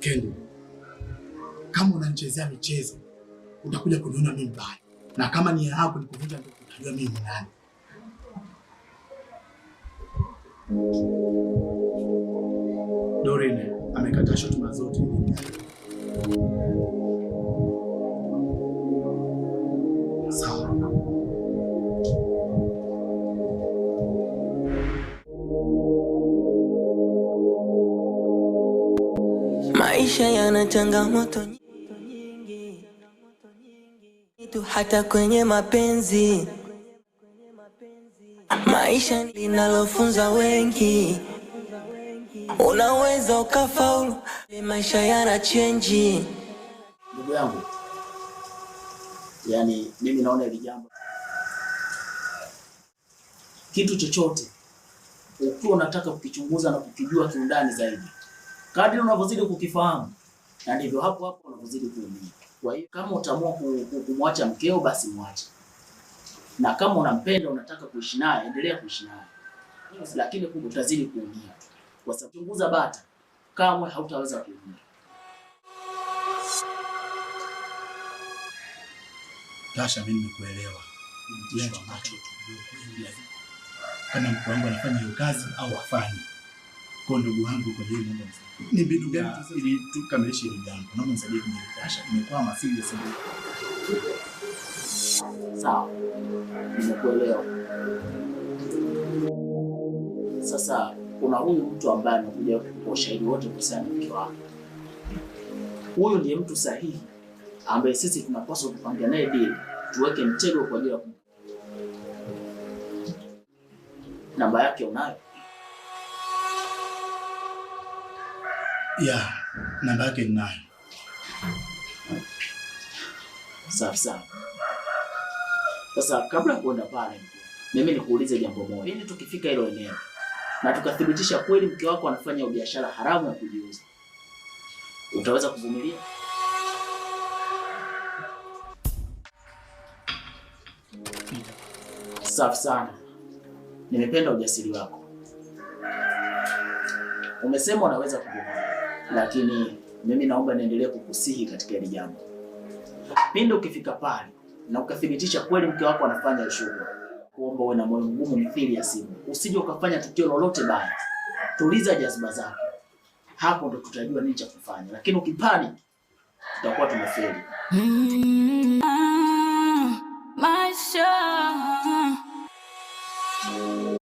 Kendo, kama unanichezea michezo utakuja kuniona mimi mbaya, na kama ni yako ni kuvunja utajua mimi ni nani. Dorine amekata shutuma zote. Maisha yana changamoto nyingi tu, hata kwenye mapenzi. Maisha linalofunza wengi, unaweza ukafaulu. Maisha yana chenji. Ndugu yangu, yani mimi naona hili jambo, kitu chochote ukiwa unataka kukichunguza na kukijua kiundani zaidi Kadri unavyozidi kukifahamu na ndivyo hapo hapo unavyozidi kuumia. Kwa hiyo kama utaamua kumwacha mkeo, basi mwache, na kama unampenda, unataka kuishi naye, endelea kuishi naye, lakini utazidi kuumia, kwa sababu chunguza bata, kamwe hautaweza kuumia. Tasha, mimi nikuelewa yaani, kama mkuu wangu anafanya hiyo kazi au afanye kwa ndugu wangu, kwa hiyo naomba ni mbinu gani sasa ili tukamilishe hili jambo? Naomba nisaidie kujirekebisha, nimekwama sivyo sana. Sawa, nimekuelewa. Sasa kuna huyu mtu ambaye anakuja kwa ushahidi wote kuhusiana na mke wako. Huyu ndiye mtu sahihi ambaye sisi tunapaswa kupanga naye deal, tuweke mtego kwa ajili ya namba yake unayo? Ya, namba yake ninayo. Safi sana. Sasa kabla ya kuenda pale, mimi nikuulize jambo moja. Ili yaani tukifika hilo eneo na tukathibitisha kweli mke wako anafanya biashara haramu ya kujiuza, utaweza kuvumilia? Safi sana. Nimependa ujasiri wako. Umesema unaweza kuvumilia lakini mimi naomba niendelee kukusihi katika hili jambo. Pindi ukifika pale na ukathibitisha kweli mke wako anafanya ushuru, kuomba uwe na moyo mgumu mithili ya simu, usije ukafanya tukio lolote baya. Tuliza jazba zako, hapo ndo tutajua nini cha kufanya, lakini ukipani tutakuwa tumefeli. Mm.